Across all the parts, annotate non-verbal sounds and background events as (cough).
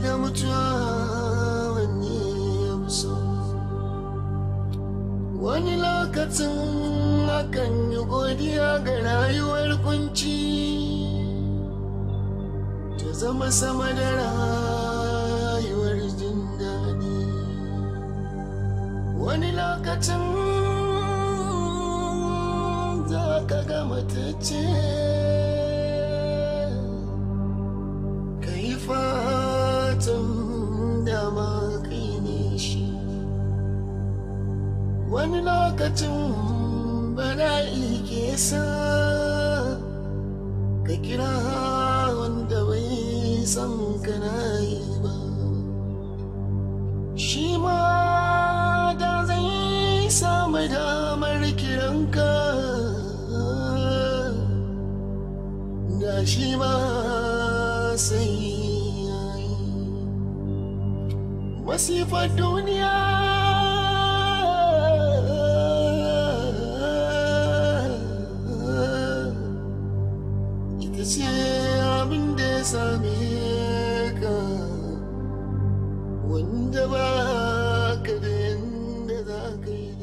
da mutuwa wani lokacin akan yi godiya ga rayuwar kunci ta zama sama da rayuwar jin daɗi wani lokacin za ka ga ce? wani lokacin bala'i ke sa ka kira wanda bai san ka na yi ba shi ma da zai samu damar kiranka da shi ma sai wasifar duniya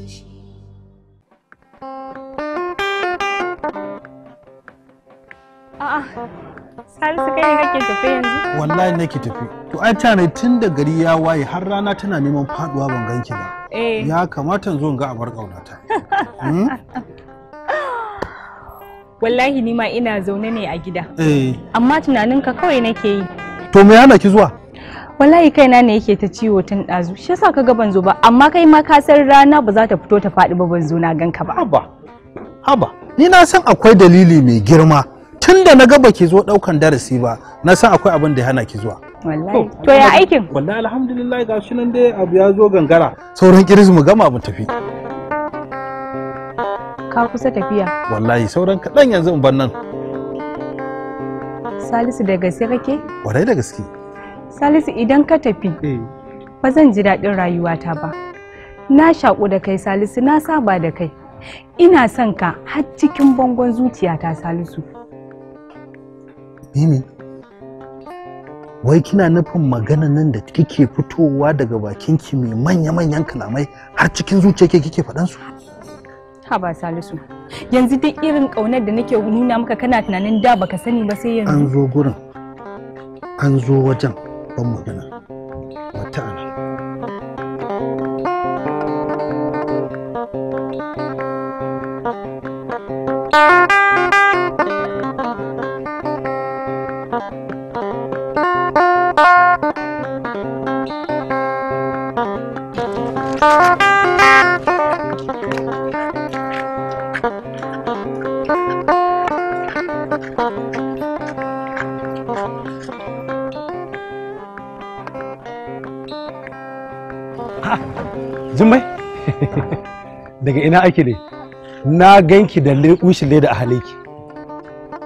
shi salisu kai ne kake tafi yanzu wallahi nake tafi to ai tare tun da gari ya waye har rana tana neman faduwa ban ganki ba eh. ya kamata in zo in ga abar kaunata hmm? (laughs) wallahi ni ma ina zaune ne a gida eh. amma tunaninka kawai nake yi to me yana ki zuwa wallahi kaina ne yake ta ciwo tun ɗazu shi yasa kaga ban zo ba amma kai ma ka san rana ba za ta fito ta faɗi ba ban zo na ganka ba haba haba ni na san akwai dalili mai girma tun da na ga baki zo ɗaukan darasi ba na san akwai abin da ya hana ki zuwa wallahi to ya aikin wallahi alhamdulillah ga shi nan dai abu ya zo gangara sauran kirismu mu gama mu tafi ka kusa tafiya wallahi sauran kaɗan yanzu in ban nan salisu da gaske kake wallahi da gaske Salisu idan ka tafi eh. ba zan ji daɗin rayuwata ba. Na shaƙu da kai Salisu na saba da kai. Ina son ka har cikin bangon zuciyata Salisu. Mimi, wai kina nufin magana nan da kike fitowa daga bakinki mai manya-manyan kalamai har cikin zuciyarki kike faɗansu? ba Salisu, yanzu duk irin ƙaunar da nake nuna maka kana tunanin da baka sani ba sai yanzu. An zo gurin, an zo wajen. babban magana mata Thank you. daga ina ake ne na ganki da leƙushin leda a halinki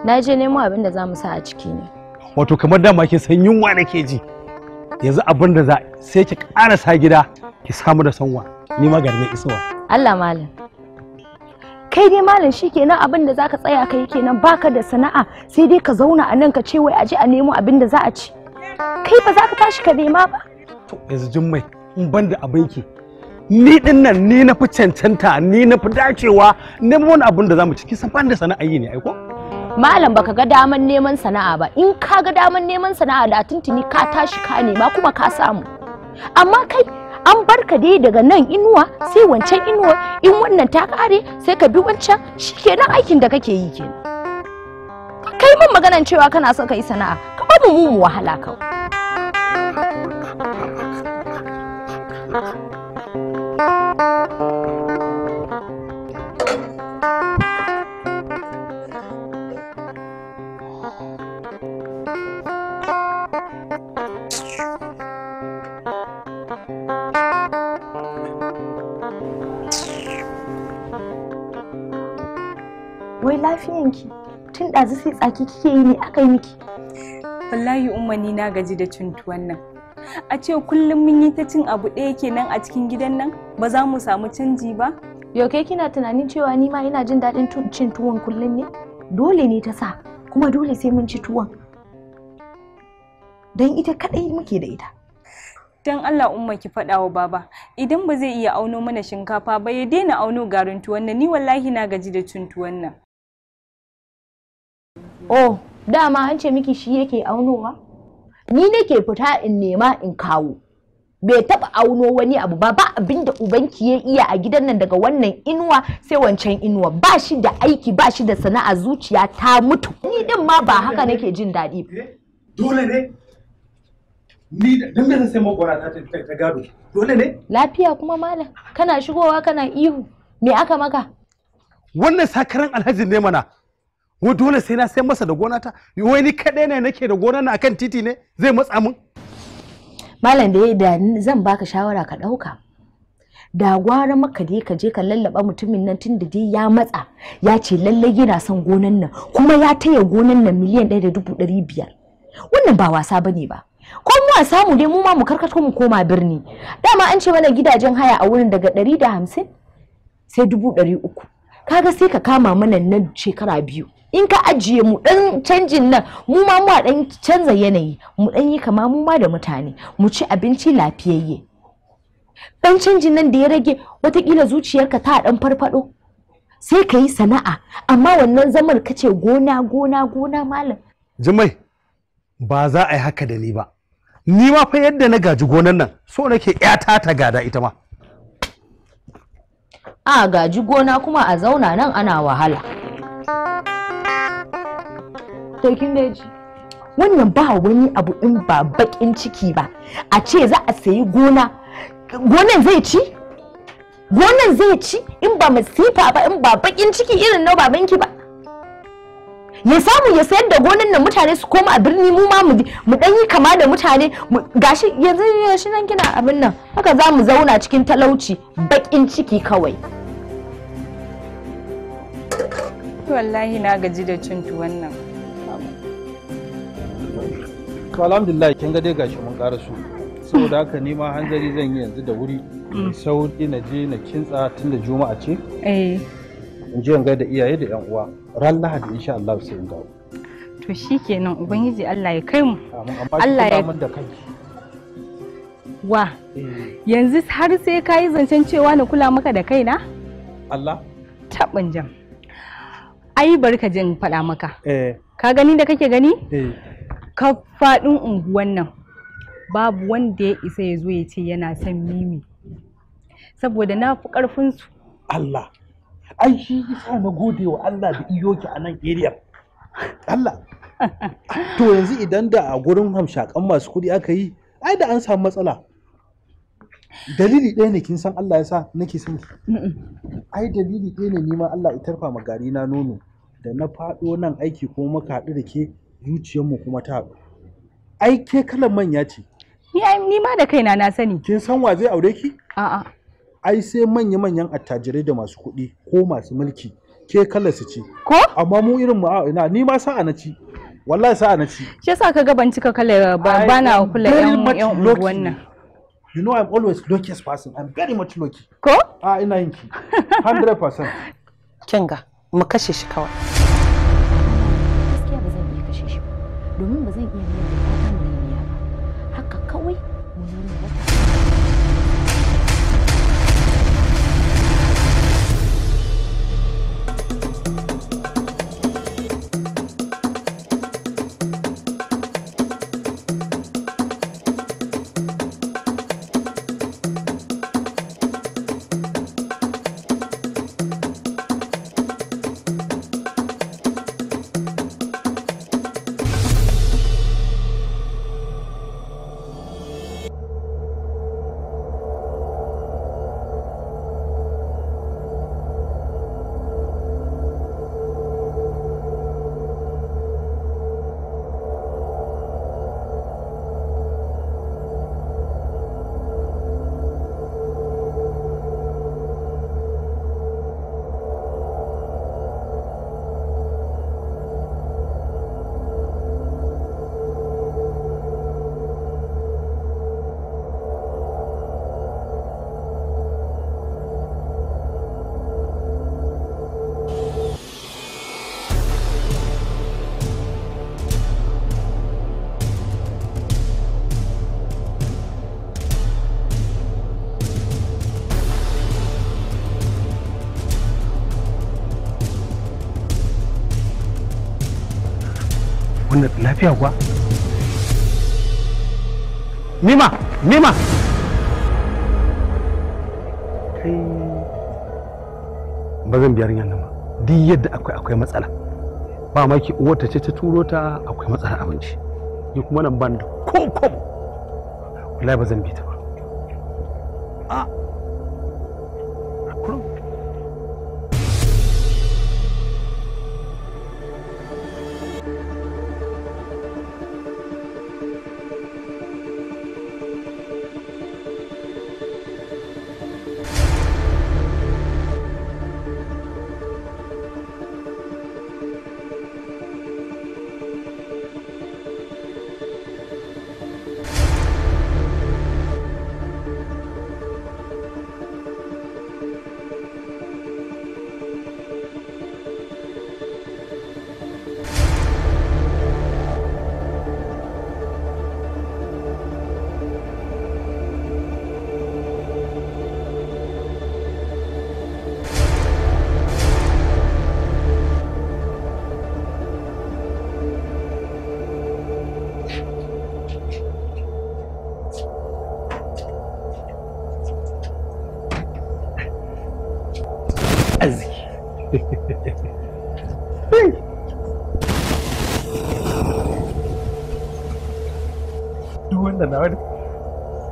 na je nemo abin da za mu sa a ciki ne wato kamar dama ke san yunwa ke ji yanzu abin da za sai ki karasa gida ki samu da sanwa ni ma garin isowa Allah malam kai dai malam shikenan abin da zaka tsaya kai kenan baka da sana'a sai dai ka zauna a nan ka ce wai aje a nemo abin da za a ci kai ba za ka tashi ka nema ba to yanzu jummai in ban da abinki ni din nan ni na fi cancanta ni na fi dacewa neman wani abin da zamu ciki san da sana'a yi ne aiko malam baka ga daman neman sana'a ba in ka ga daman neman sana'a da tuntuni ka tashi ka nema kuma ka samu amma kai an barka dai daga nan inuwa sai wancan inuwa in wannan ta kare sai ka bi wancan shikenan aikin da kake yi kenan kai min maganan cewa kana son ka yi sana'a ka ba mu mu wahala kawai miki tun ɗazu sai tsaki kike yi ne aka yi miki wallahi umani na gaji da cuntuwan nan a ce kullum mun yi ta cin abu ɗaya kenan a cikin gidan nan ba za mu samu canji ba yau kina tunanin cewa ni ma ina jin daɗin cin tuwon kullum ne dole ne ta sa kuma dole sai mun ci tuwon don ita kaɗai muke da ita don Allah umma ki faɗa wa baba idan ba zai iya auno mana shinkafa ba ya daina auno garin tuwon nan ni wallahi na gaji da cin tuwon nan oh dama an ce miki shi yake aunowa ni nake fita in nema in kawo bai taɓa auno wani abu ba ba abin da ubanki ya iya a gidan nan daga wannan inuwa sai wancan inuwa ba shi da aiki ba shi da sana'a zuciya ta mutu ni din ma ba haka nake jin daɗi eh, dole ne ni da dan sai makwara ta ta gado dole ne lafiya kuma malam kana shigowa kana ihu me aka maka wannan sakaran alhaji ne mana wa dole sai na sai masa da gona ta wai ni kaɗai ne nake da gona na akan titi ne zai matsa mun malam da ya da zan baka shawara ka ɗauka da gwara maka dai ka je ka lallaba mutumin nan tun da dai ya matsa ya ce lallai yana son gonan nan kuma ya taya gonan nan miliyan ɗaya da dubu ɗari biyar wannan ba wasa ba ne ba ko mu a samu dai mu ma mu karkato mu koma birni dama an ce mana gidajen haya a wurin daga ɗari da hamsin sai dubu ɗari uku kaga sai ka kama mana nan shekara biyu in ka ajiye mu dan canjin nan mu ma mu dan canza yanayi mu dan yi kama mu ma da mutane mu ci abinci lafiyayye dan canjin nan da ya rage watakila zuciyarka ta dan farfado sai ka yi sana'a amma wannan zamar ka ce gona gona gona malam jimai ba za a yi haka da ni ba ni ma fa yadda na gaji gonan nan so nake yata ta gada ita ma a gaji gona kuma a zauna nan ana wahala sarkin daji wannan ba wani abu in ba bakin ciki ba a ce za a sayi gona gonan zai ci gonan zai ci in ba masifa ba in ba bakin ciki irin na babanki ba ya samu ya sayar da gonan nan mutane su koma a birni mu ma mu dan yi kama da mutane gashi yanzu shi nan kina abin nan haka za mu zauna cikin talauci bakin ciki kawai wallahi na gaji da cin tuwon to alhamdulillah kin ga dai gashi mun ƙara su saboda haka ni ma hanzari zan yi yanzu da wuri mm. sauri na je na kintsa tun da juma'a ce eh in je in ga da iyaye da yan uwa ran lahadi insha Allah sai in dawo to shikenan ubangiji Allah ya kai mu Allah ya da kai wa eh. yanzu har sai ka yi zancen cewa na kula maka da kaina Allah taɓin jam ai barka jin faɗa maka eh. ka gani da kake gani eh. Ka faɗin unguwan nan babu wanda ya isa ya zo ya ce yana son mimi saboda na fi ƙarfinsu. su Allah ai shi yasa na gode wa Allah da iyoki a nan area Allah to yanzu idan da a gurin hamshakan masu kuɗi aka yi ai da an samu matsala dalili ɗaya ne kin san Allah ya sa nake son ai dalili ɗaya ne nima Allah ya tarfa magari gari na nono da na faɗo nan aiki ko muka haɗu da ke zuciyarmu kuma ta haɗu ai ke kalan manya ce ni ai ni ma da kaina na sani kin san wa zai aure ki a'a ai sai manya manyan attajirai da masu kuɗi ko masu mulki ke kalan su ce ko amma mu irin mu ina ni ma sa'a na ci wallahi sa'a na ci shi yasa ka ban cika kala ba Ba na kula yan yan wannan you know i'm always luckiest person i'm very much lucky ko a ah, ina yin ki 100% (laughs) kinga mu kashe shi kawai đúng với lafiya kuwa mima mima kai ba zan biyar nan ba duk yadda akwai akwai matsala ba maki uwarta ce ta turo ta akwai matsala abinci ni kuma nan ban da kom kom wallahi ba zan bi ta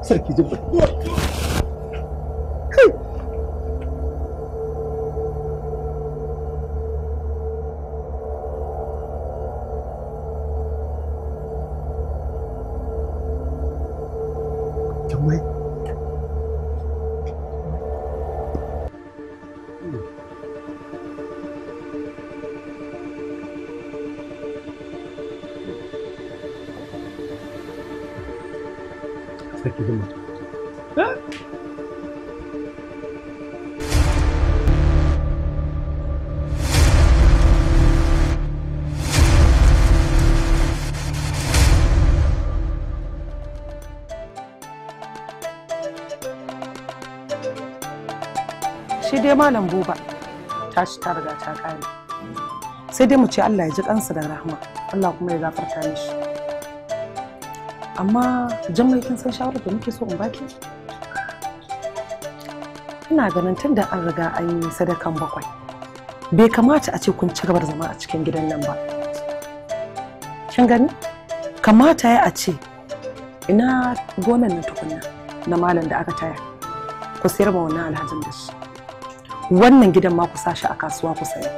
Será que deu saki himma shi dai malam buba tashi ta riga ta kare sai dai mu ce Allah ya ji kansa da rahama Allah kuma ya gafarta mishi amma jammai kin san shawarar da muke so in baki ina ganin tunda an riga an yi sadakan bakwai bai kamata a ce kun ci gaba da zama a cikin gidan nan ba kin gani kamata ya a ce ina gonan na tukunna na malam da aka taya ku sayar ma wannan alhajin da shi wannan gidan ma ku sashi a kasuwa ku saya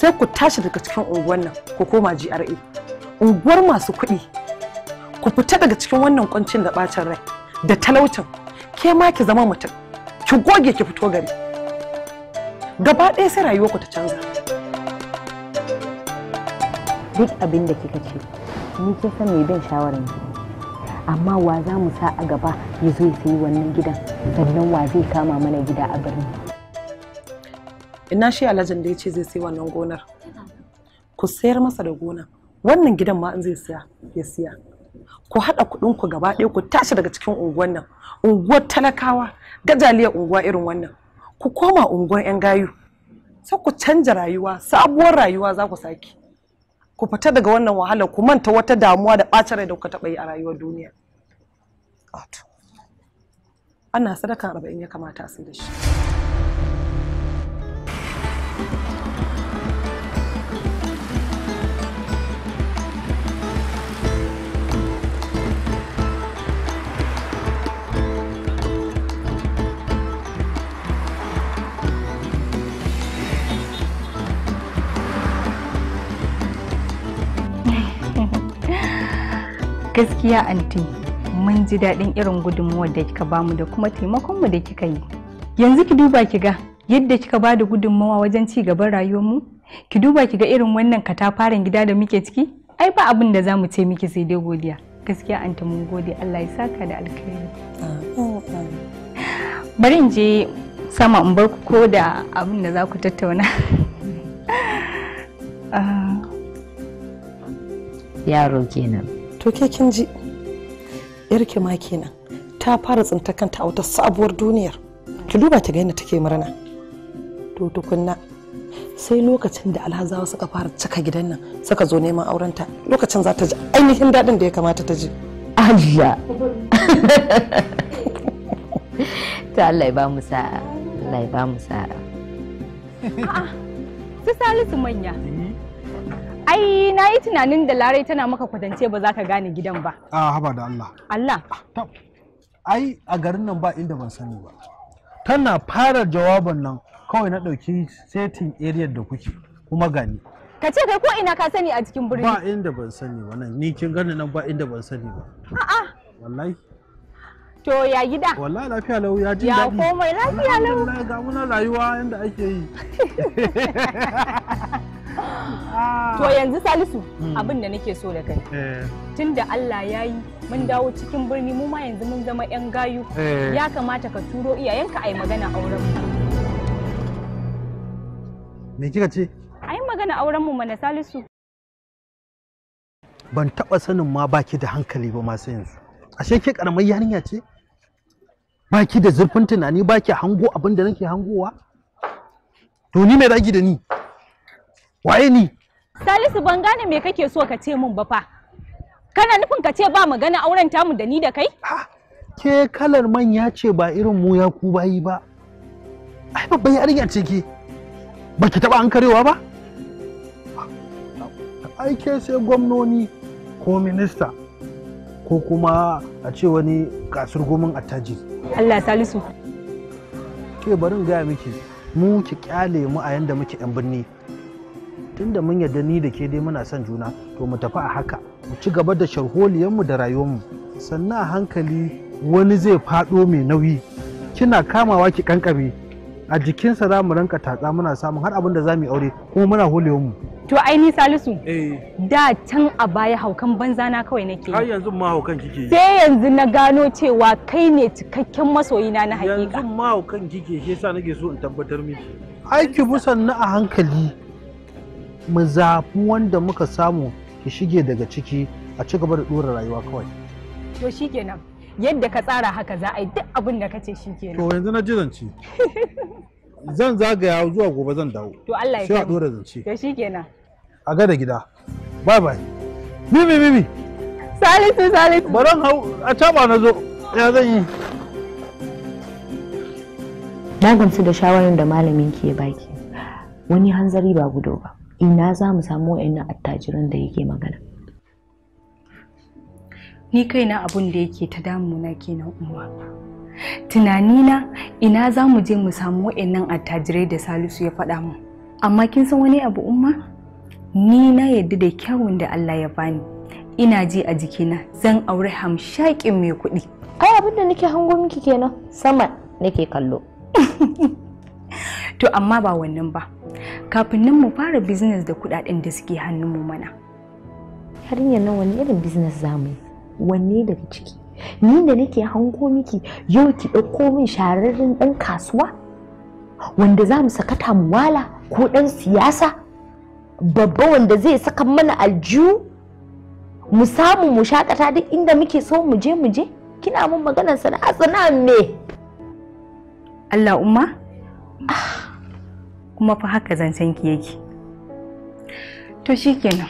sai ku tashi daga cikin unguwan nan ku koma GRA unguwar masu kuɗi ka fita daga cikin wannan kuncin da bacin rai da talaucin ke ma ki zama mutum ki goge ki fito gari gaba ɗaya sai ku ta canza duk abin da kika ce ni ke san mai bin shawarar amma wa za mu sa a gaba ya zo ya sayi wannan gidan sannan wa zai kama mana gida a birni ina shi alhajin da ya ce zai sayi wannan gonar ku sayar masa da gona wannan gidan ma in zai siya ya siya ku haɗa kuɗin ku gaba ɗaya ku tashi daga cikin unguwan nan unguwar talakawa gajaliyar unguwa irin wannan ku koma unguwar 'yan gayu sai ku canja rayuwa sabuwar rayuwa za ku sake ku fita daga wannan wahala ku manta wata damuwa da ɓacin rai da kuka taɓa yi a rayuwar duniya ah, ana sadaka arba'in ya kamata a sai da shi gaskiya anti mun ji daɗin irin gudunmuwar da kika bamu da kuma taimakon mu da kika yi yanzu ki duba ki ga yadda kika ba da gudunmawa wajen ci gaban rayuwar mu ki duba ki ga irin wannan katafaren gida da muke ciki ai ba abin da za mu ce miki sai dai godiya gaskiya anti mun gode Allah ya saka da alkhairi bari in je sama in bar ku ko da abin da za ku tattauna (laughs) ah. yaro kenan to ke kin ji yarki ma kenan ta fara tsinta kanta a wata sabuwar duniyar ki duba ta ga yadda take murna to tukunna sai lokacin da alhazawa suka fara cika gidan nan suka zo neman aurenta lokacin za ta ji ainihin daɗin da ya kamata ta ji Allah ta Allah ya ba mu sa'a Allah ba mu sa'a a'a su salisu manya ai na yi tunanin da larai tana maka kwatance ba za ka gane gidan ba a haba da Allah Allah ah, ai a garin nan ba inda ban sani ba tana fara jawaban nan kawai na ɗauki setin area da kuke kuma gani ka ce kai ko ina ka sani a cikin birni ba inda ban sani ba nan ni kin gani nan ba inda ban sani ba a'a wallahi To ya gida? Wallahi lafiya lau ya ji daɗi. Ya komai lafiya lau. Wallahi ga muna rayuwa yanda ake yi. (laughs) To yanzu Salisu hmm. abin da nake so da kai. Eh. Tunda Allah ya yi mun hmm. dawo cikin birni mu ma yanzu mun zama 'yan gayu. Eh. Ya kamata ka turo iyayenka a yi magana auren mu. Me kika ce? A yi magana auren mu mana Salisu. Ban taɓa sanin ma baki da hankali ba masu yanzu. ashe ke karamar yarinya ce ba da zurfin tunani baki hango abin da nake hangowa to ni mai ragi da ni waye ni salisu ban gane me kake so ka ce min ba fa kana nufin ka ce ba magana auren tamu da ni da kai ke kalar manya ce ba irin mu ya ku bayi ba ai babban yarinya ce ke ba taba an ba ai ke sai gwamnoni ko minista ko kuma a ce wani kasur gomin attajiri Allah salisu ke barin gaya miki mu ki kyale mu a yanda muke yan birni tunda mun yarda ni da ke dai muna son juna to mu tafi a haka mu ci gaba da mu da rayuwarmu sannan hankali wani zai faɗo mai nauyi kina kamawa ki kankare. a jikinsa za mu ranka tatsa muna samun har abin da za mu yi aure kuma muna holewa mu to ai ni salisu eh. da can a baya haukan banza na kawai nake har yanzu ma haukan kike yi sai yanzu na gano cewa kai ne cikakken masoyina na hakika yanzu ma haukan kike shi yasa nake so in tabbatar miki aiki busan na a hankali mu zafi wanda muka samu ki shige daga ciki a ci gaba da dora rayuwa kawai to shikenan yadda ka tsara haka za a yi duk abin da ka ce shi ke to yanzu na ji zance zan zagaya zuwa gobe zan dawo to Allah ya sai dora zance to shikenan a ga da gida bye bye bibi bibi salisu salisu baran hau a taba na zo ya zan yi na gamsu da shawarar da malamin ke baki wani hanzari ba gudu ba ina za mu samu wa'annan attajiran da yake magana ni kaina abun da yake ta damuna kenan umma tunanina ina za mu je mu samu wa'annan attajirai da salisu ya faɗa mu amma kin san wani abu umma ni na yadda da kyawun da allah ya bani ina ji a jikina zan aure hamshakin mai kuɗi ai abin da nake hango miki kenan sama nake kallo (laughs) to amma ba wannan ba kafin nan mu fara business da kuɗaɗen da suke hannun mu mana Har yanzu wani irin business zamu yi wanne daga ciki ni da nake hango miki yau ki ɗauko min shahararren ɗan kasuwa wanda za mu sakata mu wala ko ɗan siyasa babba wanda zai saka mana aljihu mu samu mu shakata duk inda muke so mu je mu je kina mun maganar sana'a sana'a me Allah umma ah. kuma fa haka zancen ki yake to shikenan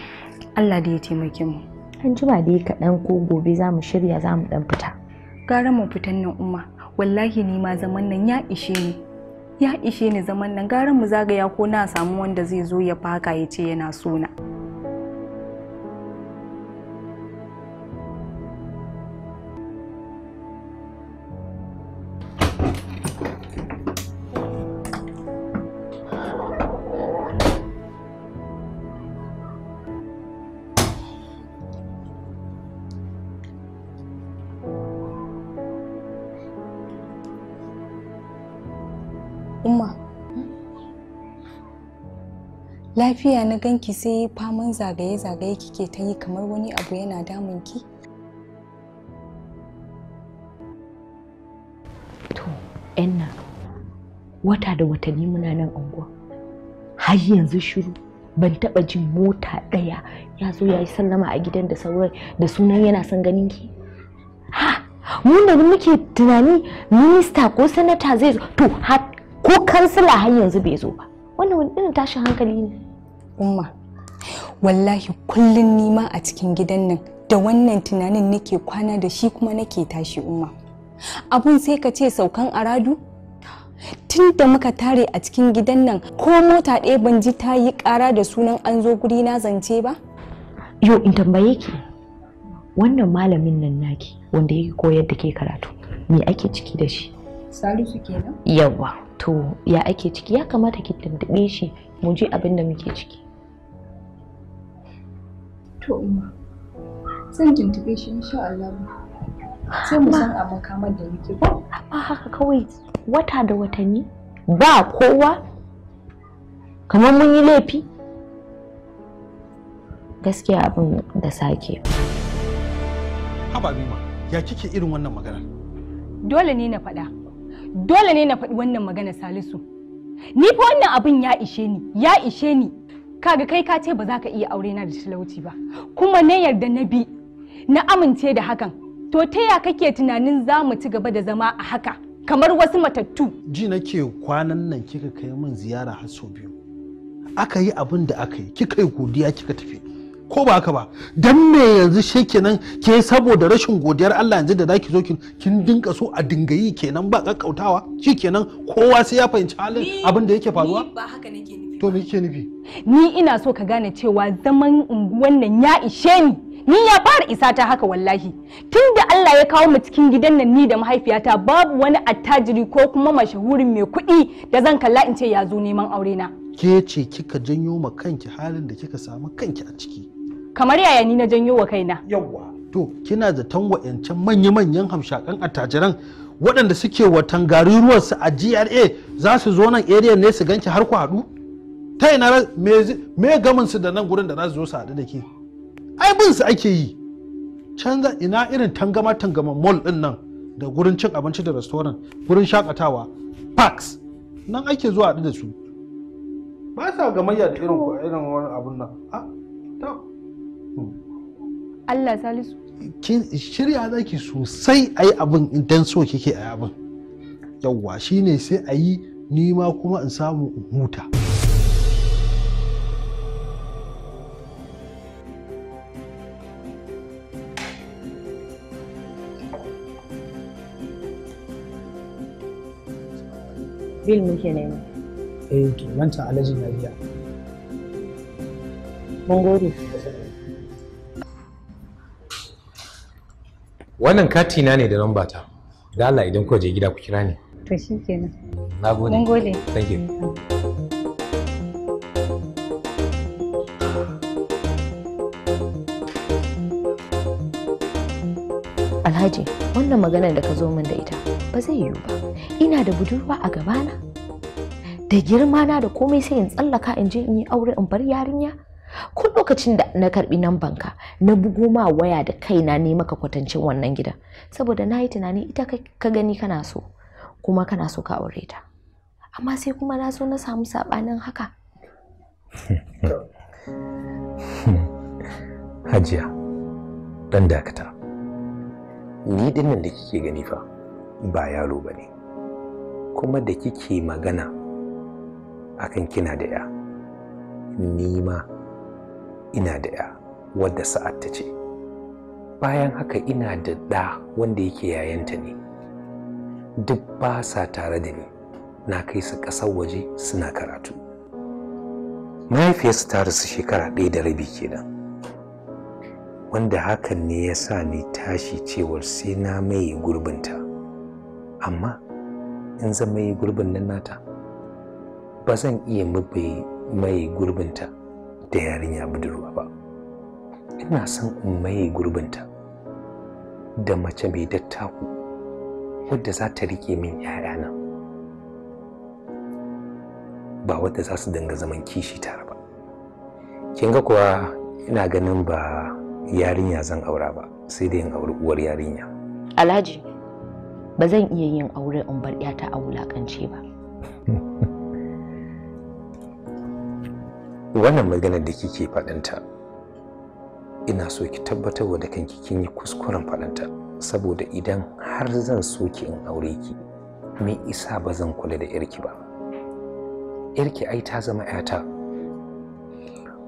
Allah da ya taimake mu an jima dai kaɗan ko gobe za mu shirya za mu ɗan fita gara mu fitan nan umma wallahi ni ma zaman nan ya ishe ni ya ishe ni zaman nan gara mu zagaya ko na samu wanda zai zo ya faka ya ce yana sona. lafiya na ganki sai faman zagaye-zagaye kike ta yi kamar wani abu yana damun ki? To, enna wata da watanni muna nan unguwa. Har yanzu shiru ban taɓa jin mota ɗaya ya zo ya yi sallama a gidan da sauran da sunan yana son ganin ki. Ha, mun da muke tunani minista ko sanata zai zo, to ko kansila har yanzu bai zo ba. Wannan wani irin tashin hankali ne. al'umma wallahi kullum nima a cikin gidan nan da wannan tunanin nake kwana da shi kuma nake tashi umma abun sai ka ce saukan aradu tun da muka tare a cikin gidan nan ko mota ɗaya ban ji ta yi ƙara da sunan an zo guri na zance ba yo in tambaye ki wannan malamin nan naki wanda ya koyar da ke karatu me ake ciki da shi salisu kenan yawa to ya ake ciki ya kamata ki tuntuɓe shi mu ji abin da muke ciki To umma, zan tuntube shi insha Allah. Sai mu san a makamar da muke ko? Ba haka kawai wata da watanni ba kowa kamar mun yi laifi. Gaskiya abin da sake. Haba Bima, ya kike irin wannan magana? Dole ne na faɗa. Dole ne na faɗi wannan magana Salisu. Ni fa wannan abin ya ishe ni, ya ishe ni. kaga kai ka ce ba za ka iya aure na da talauci ba kuma na yarda na bi na amince da hakan to ta ya kake tunanin za mu ci gaba da zama a haka kamar wasu matattu ji nake kwanan nan kika kai min ziyara har sau biyu aka yi abin da aka yi kika yi godiya kika tafi ko ba haka ba dan me yanzu shi kenan ke saboda rashin godiyar Allah yanzu da zaki zo kin dinka so a dinga yi kenan ba kakkautawa shi kenan kowa sai ya fahimci halin abin da yake faruwa ba haka nake to me ke nufi ni ina so ka gane cewa zaman unguwan nan ya ishe ni ni ya fara isa ta haka wallahi tunda Allah ya kawo mu cikin gidan nan ni da mahaifiyata babu wani attajiri ko kuma mashahuri mai kuɗi da zan kalla in ce ya zo neman aure na ke ce kika janyo ma kanki halin da kika samu kanki a ciki kamar yaya ni na janyo wa kaina yawwa to kina zaton wa'yancan manya-manyan hamshakan attajiran waɗanda suke watan garin ruwansu a GRA za su zo nan area ne su ganki har ku haɗu ta ina me gamin su da nan gurin da za su zo su haɗu da ke ai bin su ake yi canza ina irin tangama tangama mall din nan da gurin cin abinci da restaurant gurin shakatawa parks nan ake zuwa haɗu da su ba sa gamayya da irin irin wani abun nan hmm. Allah salisu kin shirya zaki sosai ayi abin idan so kike a yi abin shi shine sai ayi ni ma kuma in samu in huta bil muke nema eh to wancan alhaji na biya mun gode wannan kati na ne da lamba ta da Allah idan ku je gida ku kira ni to shikenan gode. mun gode thank you Alhaji, wannan maganar da ka zo min da ita ba zai yiwu ba. ina da budurwa a gabana da girma na da komai sai in tsallaka in je in yi aure in bar yarinya ko lokacin da na karbi nan ka na bugo ma waya da kaina ne maka kwatancin wannan gida saboda na yi tunani ita ka gani kana so kuma kana so ka aure ta amma sai kuma na so na samu sabanin haka (laughs) hajiya dan dakata ni dinnan da kike gani fa ba yaro bane kuma da kike magana akan kina da ya nima ina da ya wadda sa'ad ta ce bayan haka ina da ɗa wanda yake yayanta ne duk ba sa tare da ni na kai su ƙasar waje suna karatu mahaifiyarsu ta rasu shekara ɗaya da rabi kenan wanda hakan ne ya sa ni tashi cewar sai na maye gurbinta amma in zan mai gurbin nan nata ba zan iya mabe mai ta da yarinya budurwa ba ina son in mai gurbinta da mace mai dattaku wadda za ta rike min ‘ya'yana ba wadda za su dinga zaman kishi tare ba kin ga kuwa ina ganin ba yarinya zan aura ba sai dai in auri uwar yarinya alhaji ba zan iya yin aure in bar 'yata a wulakance ba (laughs) wannan maganar da kike faɗinta ina so ki tabbatar da kanki kin yi kuskuren faɗinta saboda idan har zan so ki in aure ki me isa ba zan kula da yarki ba yarki ai ta zama yata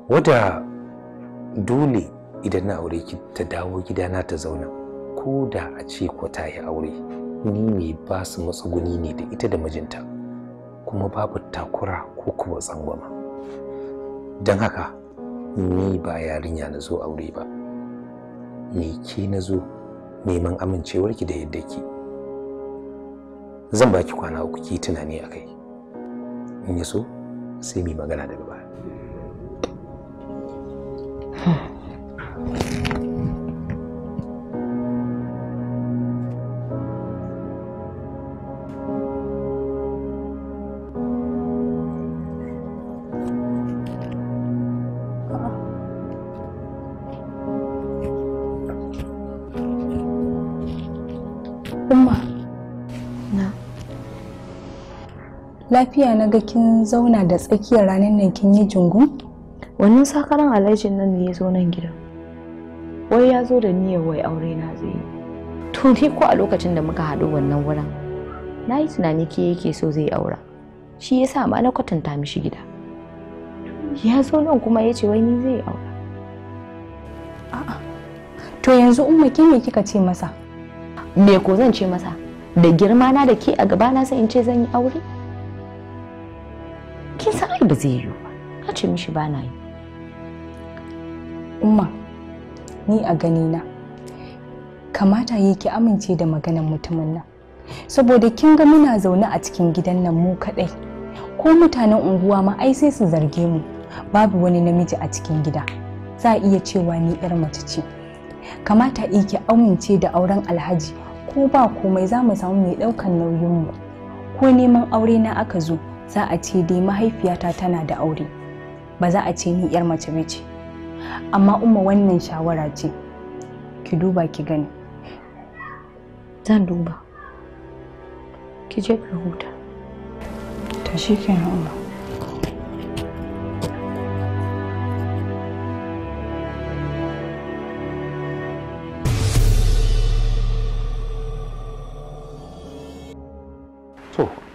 wadda dole idan na aure ki ta dawo gidana ta zauna ko da a ce ko ta yi aure ni mai ba su matsuguni ne da ita da mijinta kuma babu takura ko kuma tsangwama don haka ni ba yarinya na zo aure ba me ke na zo neman amincewarki da yadda ki zan baki kwana uku ki tunani a kai in ya so sai mu magana daga baya hmm. lafiya na ga kin zauna da tsakiyar ranar nan kin yi jingu? Wannan sakaran alhajin nan ne ya zo nan gidan. Wai ya zo da niyyar wai aure na zai To ni ko a lokacin da muka haɗu wannan wurin. Na yi tunani ke yake so zai aura. Shi ya sa ma na kwatanta mishi gida. Ya zo nan kuma ya ce wai ni zai aura. A'a. To yanzu umma ke me kika ce masa? Me ko zan ce masa? Da girma na da ke a gaba na sai in ce zan yi aure? ba zai yiwu ba na ce mishi ba na yi umma ni a ganina kamata yi ki amince da maganan mutumin nan saboda kin ga muna zaune a cikin gidan nan mu kaɗai ko mutanen unguwa ma ai sai su zarge mu babu wani namiji a cikin gida za a iya cewa ni yar mace ce kamata yi ki amince da auren alhaji ko ba komai za mu samu mai ɗaukan nauyinmu ko neman aure na aka zo za a ce dai mahaifiyata tana da aure ba za a ce ni yar mace mace amma umma wannan shawara ce ki duba ki gani zan duba ki je ki huta shi kenan umma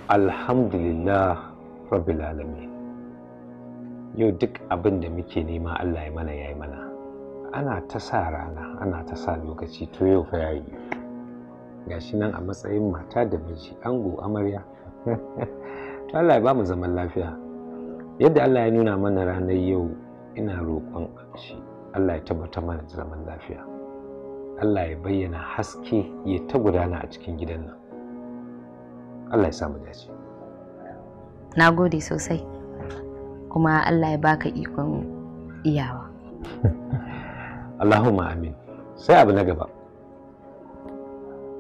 alhamdulillah rabbil alamin yau duk abin da muke nema Allah ya mana yayi mana ana ta sa rana ana ta sa lokaci to yau fa yayi gashi nan a matsayin mata da miji ango amarya (laughs) Allah ya ba mu zaman lafiya yadda Allah ya nuna mana ranar yau ina roƙon shi Allah ya tabbata mana zaman lafiya Allah ya bayyana haske ya ta gudana a cikin gidan nan Allah ya sa mu dace na gode sosai kuma Allah ya baka ikon iyawa (laughs) Allahumma amin sai abu na gaba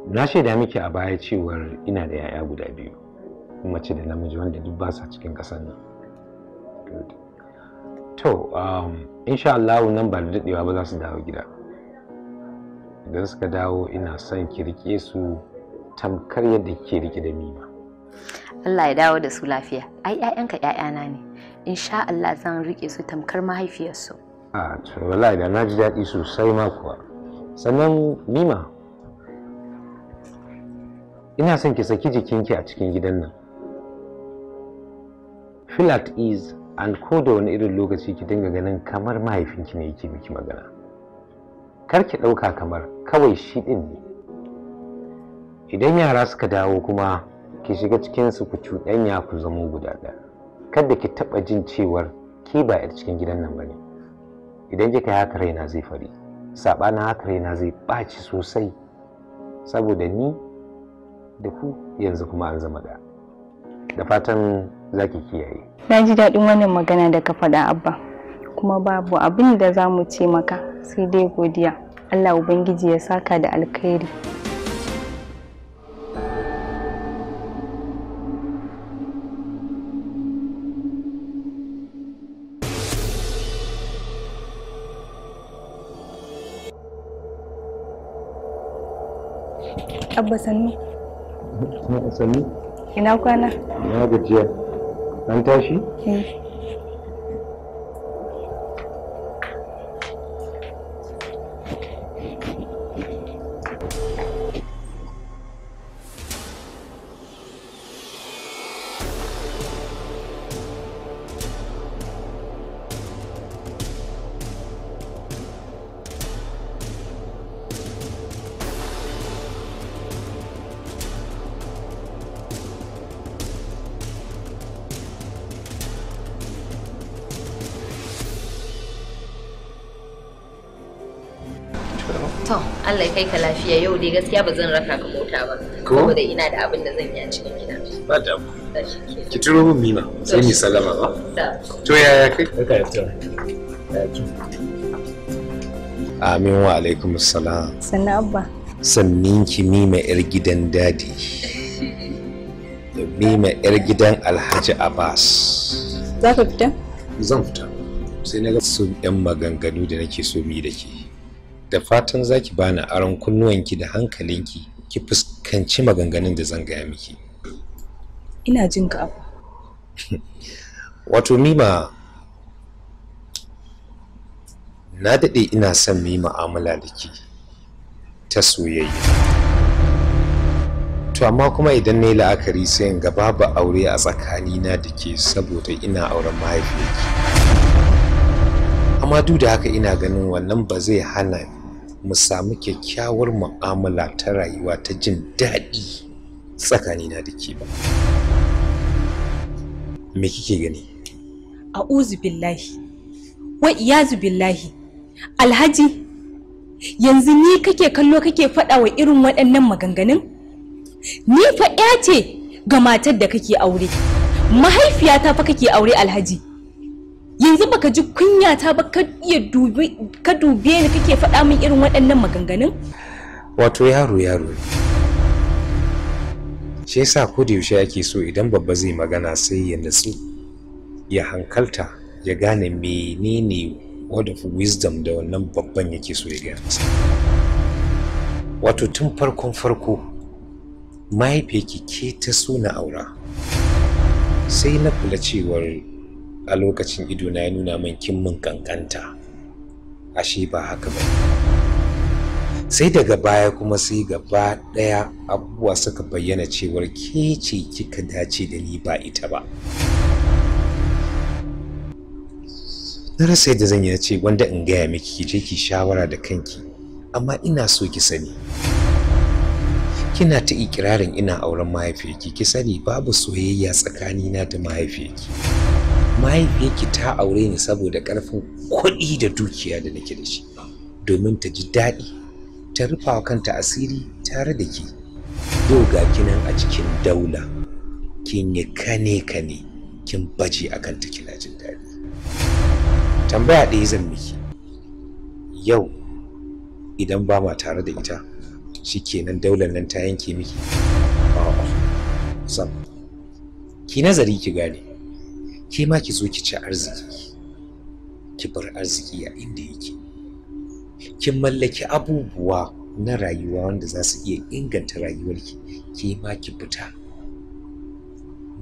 na shaida miki a baya cewar ina da yaya guda biyu mace da namiji wanda duk ba sa cikin ƙasar nan to um, insha Allah nan ba da daɗewa ba za su dawo gida idan suka dawo ina son ki rike su tamkar yadda ke rike da mima. Allah ya dawo da su lafiya ai ƴaƴanka ƴaƴana ne insha Allah zan rike su tamkar mahaifiyarsu a to wallahi da na ji daɗi sosai ma kuwa sannan mima ina son ki saki jikinki a cikin gidan nan feel at ease and ko da wani irin lokaci ki dinga ganin kamar mahaifinki ne yake miki magana kar ki ɗauka kamar kawai shi ɗin ne idan yara suka dawo kuma ki shiga cikinsu ku cuɗanya ku zama guda ɗaya kada ki taɓa jin cewar ki ba yar cikin gidan nan ba ne idan kika yi haka raina zai fari saɓanin haka raina zai ɓaci sosai saboda ni da ku yanzu kuma an zama ɗaya da fatan za ki kiyaye na ji daɗin wannan magana da ka faɗa abba kuma babu abin da za mu ce maka sai dai godiya allah ubangiji ya saka da alkhairi abba sannu sannu ina kwana ina gajiya an tashi eh kai ka lafiya yau dai gaskiya ba zan raka ka mota ba saboda ina da abin da zan yi a cikin gida ba da ki turo min mima sai ni sallama ba to yaya kai ka ta amin wa alaikum assalam sanna abba sannin ki mima yar gidan dadi da mima yar gidan alhaji abbas za ka fita zan fita sai na ga sun yan maganganu da nake so mi da ke da fatan za ki bani aron kunnuwanki da hankalinki ki fuskanci maganganun da zan gaya miki ina jin ka abu (laughs) wato mima na daɗe ina son mu yi mu'amala da ke ta soyayya to amma kuma idan na yi la'akari sai in ga babu aure a tsakanina da ke saboda ina auren mahaifiyarki amma duk da haka ina ganin wannan ba zai hana ni mu samu kyakkyawar mu'amala ta rayuwa ta jin daɗi tsakanina da ke ba me kike gani a billahi wa iyazu billahi alhaji yanzu ni kake kallo kake faɗa wa irin waɗannan maganganun ni fa ce ga matar da kake aure mahaifiyata fa kake aure alhaji yanzu baka ji kunya ta ba ka iya dubi ka dube ni kake faɗa min irin waɗannan maganganun wato yaro yaro shi yasa ko da yaushe ake so idan babba zai magana sai ya nutsu, ya hankalta ya gane menene word of wisdom da wannan babban yake so ya gane wato tun farkon farko mahaifiyarki ke ta suna aura sai na kula cewar a lokacin idona ya nuna min kimmin kankanta ashe ba haka ba sai daga baya kuma sai gaba ɗaya abubuwa suka bayyana cewar ke ce kika dace da ni ba ita ba na rasa yadda zan yi ce wanda in gaya miki ki je ki shawara da kanki amma ina so ki sani kina ta ikirarin ina auren mahaifiyarki ki sani babu soyayya tsakanina da mahaifiyarki mahaifiyarki ta aure ni saboda ƙarfin kuɗi da dukiya da nake da shi domin ta ji daɗi ta rufa kanta asiri tare da ke yau ga kinan a cikin daula kin yi kane kane kin baje a kanta kina jin daɗi tambaya ɗaya zan miki yau idan ba ma tare da ita kenan daular nan ta yanke miki a'a sam ki nazari ki gane ke ma ki zo ki ci arziki ki bar arziki a inda yake kin mallaki abubuwa na rayuwa wanda za su iya inganta rayuwarki ke ma ki fita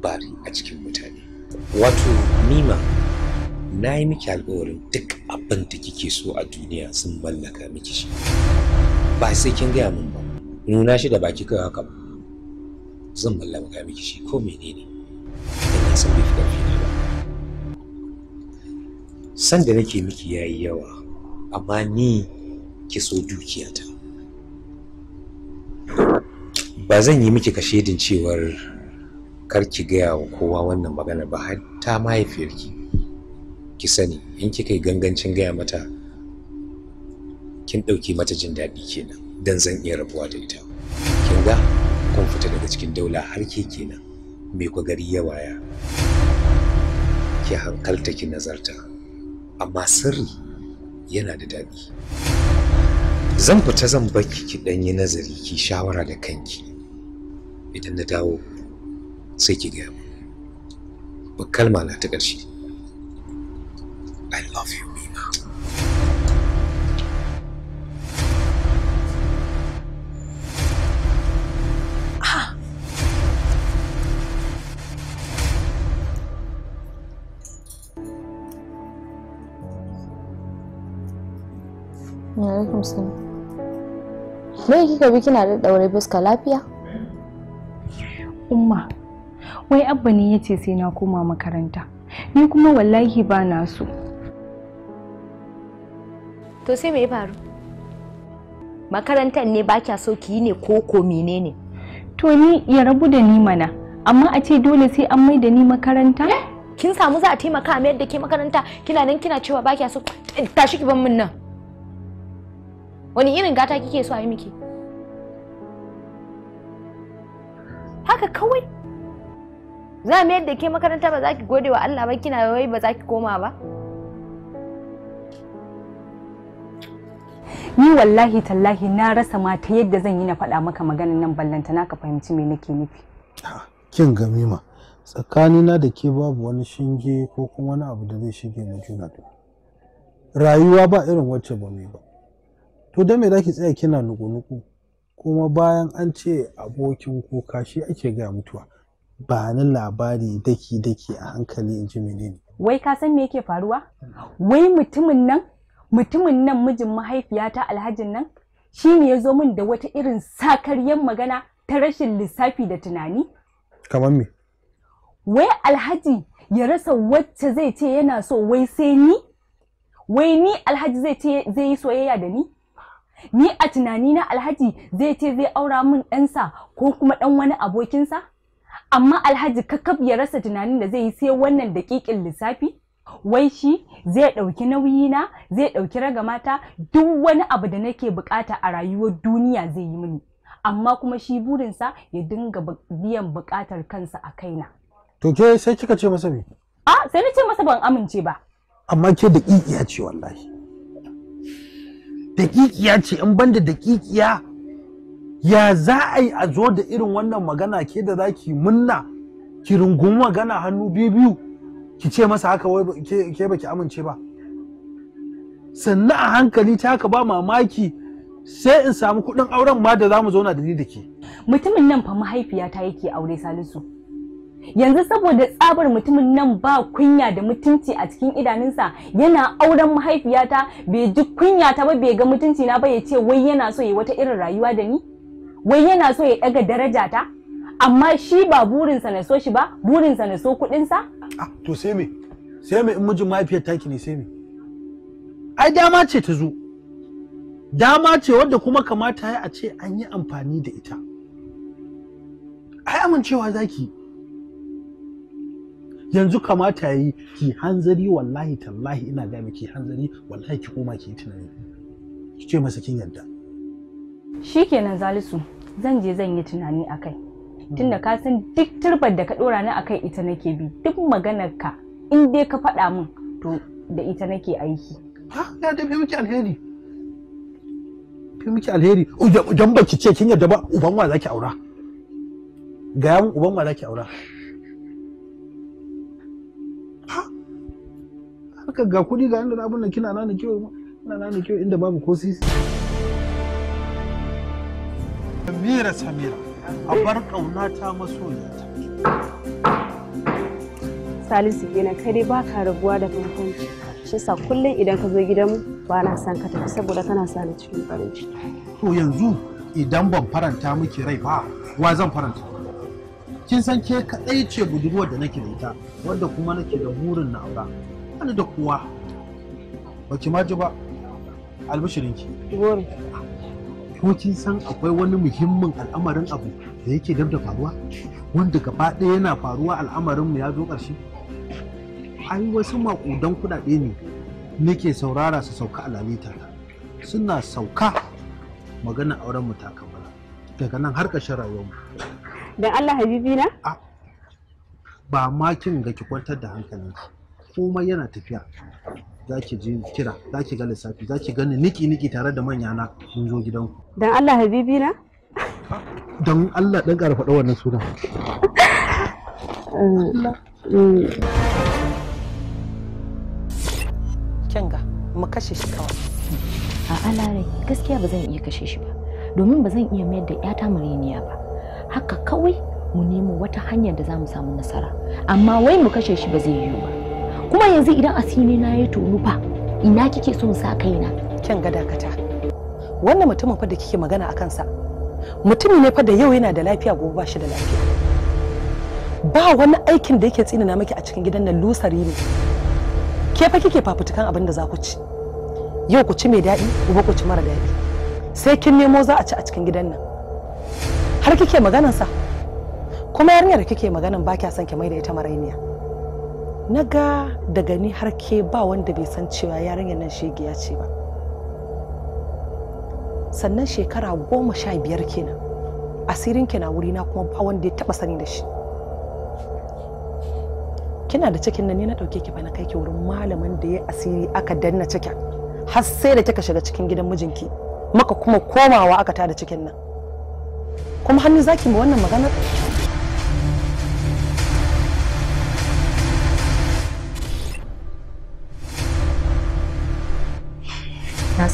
bari a cikin mutane wato nima na yi miki alkawarin duk abin da kike so a duniya sun mallaka miki shi ba sai kin gaya min ba nuna shi da baki kawai haka ba zan mallaka miki shi ko menene ina son bai san da nake miki yayi yawa amma ni ki so dukiyata ba zan yi miki kashedin cewar kar ki gaya wa kowa wannan magana ba har ta mahaifiyarki ki sani in kika yi gangancin gaya mata kin ɗauki mata jin daɗi kenan dan zan iya rabuwa da ita kin ga kun fita daga cikin daula har ke kenan me kwagari gari ya ki hankalta ki nazarta amma sirri yana da daɗi zan fita zan baki ki ɗan yi nazari ki shawara da kanki idan na dawo sai ki gaya ba kalma na ta ƙarshe i love you alaikum salam me kika bi kina da daure fuska lafiya umma wai abba ne ya sai na koma makaranta ni kuma wallahi ba na so to sai me faru makarantar ne ba kya so ki yi ne ko menene to ni ya rabu da ni mana amma a ce dole sai an mai da ni makaranta eh, kin samu za a taimaka a mayar da ke makaranta kina nan kina cewa ba kya so eh, tashi ki ban min nan wani irin gata kike so a yi miki haka kawai za mu yadda ke makaranta ba za ki gode wa Allah ba kina wai ba za ki koma ba ni wallahi tallahi na rasa mata yadda zan yi na faɗa maka maganin nan ballanta na ka fahimci me nake nufi ah, kin gamima tsakanina da ke babu wani shinge ko kuma wani abu da zai shige na juna rayuwa ba irin wacce ba mai ba to don me zaki tsaya kina nuku-nuku kuma bayan an ce abokin kuka shi ake ga mutuwa ba ni labari daki-daki a hankali in ji menene wai ka san me yake faruwa wai mutumin nan mutumin nan mijin mahaifiyata alhajin nan shi ne ya zo min da wata irin sakaryen magana ta rashin lissafi da tunani kamar me wai alhaji ya rasa wacce zai ce yana so wai sai ni wai ni alhaji zai yi soyayya da ni ni a tunani na alhaji zai ce zai aura min ɗansa ko kuma ɗan wani abokinsa amma alhaji kakaf ya rasa tunanin da zai yi sai wannan daƙiƙin lissafi wai shi zai ɗauki nauyina zai ɗauki ragamata duk wani abu da nake bukata a rayuwar duniya zai yi mini amma kuma shi burinsa ya dinga biyan bukatar kansa a kaina to ke sai kika ce masa me a ah, sai na ce masa ban amince ba amma ke da ƙiƙiya ce wallahi dakikiya ce in banda dakikiya ya za a yi a zo da irin wannan magana ke da za ki munna ki rungumi magana hannu biyu biyu ki ce masa haka wai ke baki amince ba sannan a hankali ta haka ba mamaki sai in samu kuɗin auren ma da za mu zauna da ni da ke mutumin nan fa mahaifiyata yake aure salisu yanzu saboda tsabar mutumin nan ba kunya da mutunci a cikin idanunsa yana auren mahaifiyata bai ji kunya ta ba bai ga mutunci na ba ya ce wai yana so ya wata irin rayuwa da ni wai yana so ya daga daraja ta amma shi ba burinsa na so shi ba burinsa na so kudinsa ah to sai me sai me in mijin mahaifiyar taki ne sai me ai dama ce ta zo dama ce wadda kuma kamata ya a ce an yi amfani da ita ai amincewa zaki yanzu kamata yi ki hanzari wallahi tallahi ina ga miki hanzari wallahi ki koma ki tunani ki ce masa kin yarda shikenan zalisu zan je zan yi tunani akai tunda ka san duk turbar da ka dora ni akai ita nake bi duk maganar ka in dai ka faɗa min to da ita nake aiki ha ya da miki alheri fi miki alheri idan ki ce kin yarda ba uban wa zaki aura ga yawan uban wa zaki aura haka ga kuɗi ga inda abin da kina nana kyau ina nana kyau inda babu ko sisi Samira Samira a bar ta masoyata Salisu kenan kai dai baka rabuwa da farkon shi sa kullum idan ka zo gidanmu ba na san ka tafi saboda kana sa ni cikin farin ciki to yanzu idan ban faranta miki rai ba wa zan faranta kin san ke kadai ce budurwar da nake da ita wadda kuma nake da burin na aura wani da kuwa ba ki ma Albishirin ba albishirinki ko kin san akwai wani muhimmin al'amarin abu da yake dab da faruwa wanda gaba ɗaya yana faruwa al'amarin mu ya zo ƙarshe ai wasu maƙudan kuɗaɗe ne nake saurara su sauka a lalita suna sauka magana auren mu ta kammala daga nan har ƙarshen rayuwar mu dan Allah habibi na ba ma kin ga ki kwantar da hankalinki komai yana tafiya za ki ji kira za ki ga lissafi za ki gani niki-niki tare da manya na mun zo gidanku dan Allah habibi na dan Allah dan ƙara faɗa wannan suna Kyanga, mu kashe shi kawai a alare gaskiya ba zan iya kashe shi ba domin ba zan iya mayar da 'yata mureniya ba haka kawai mu nemo wata hanyar da za mu samu nasara amma wai mu kashe shi ba zai yiwu ba kuma yanzu idan asini na ya tonu fa ina kike son sa kaina kin ga dakata wannan mutumin fa da kike magana akan sa mutumi ne fa da yau yana da lafiya gobe ba shi da lafiya ba wani aikin da yake tsinina miki a cikin gidan nan lusari ne ke fa kike fafutukan abin da za ku ci yau ku ci mai daɗi gobe ku ci mara daɗi sai kin nemo za a ci a cikin gidan nan har kike maganan sa kuma yarinyar kike maganan ba kya son ki mai da ita marainiya na ga daga ni har ke ba wanda bai san cewa yarinyar nan shegiya ce ba sannan shekara goma sha biyar kenan asirin na wuri na kuma ba wanda ya taba sani da shi kina da cikin nan ne na dauke ki bana na kai ki wurin malamin da ya asiri aka danna cikin har sai da kika shiga cikin gidan mijinki maka kuma komawa aka tada cikin nan kuma hannu zaki mu wannan maganar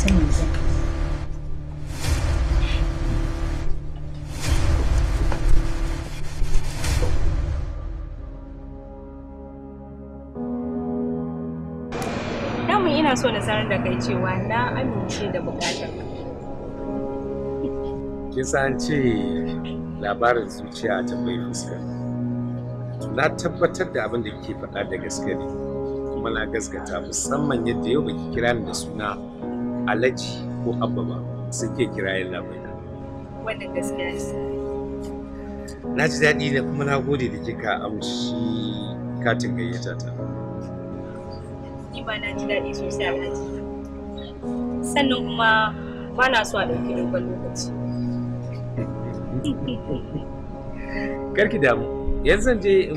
san me ina so na sanar da kai cewa na amince da bukatar kin san ce labarin zuciya ta bai fuska na tabbatar da abin da kike faɗa da gaske ne kuma na gaskata musamman yadda yau baki kira ni da suna alaji ko abba ba suke kirayen labari. wannan gaskiya ne na ji daɗi da kuma na gode da kika amshi katin gayyata ta ni ba na ji daɗi sosai alhaji sannan kuma ba na so a ɗauki dogon lokaci karki damu yanzu zan je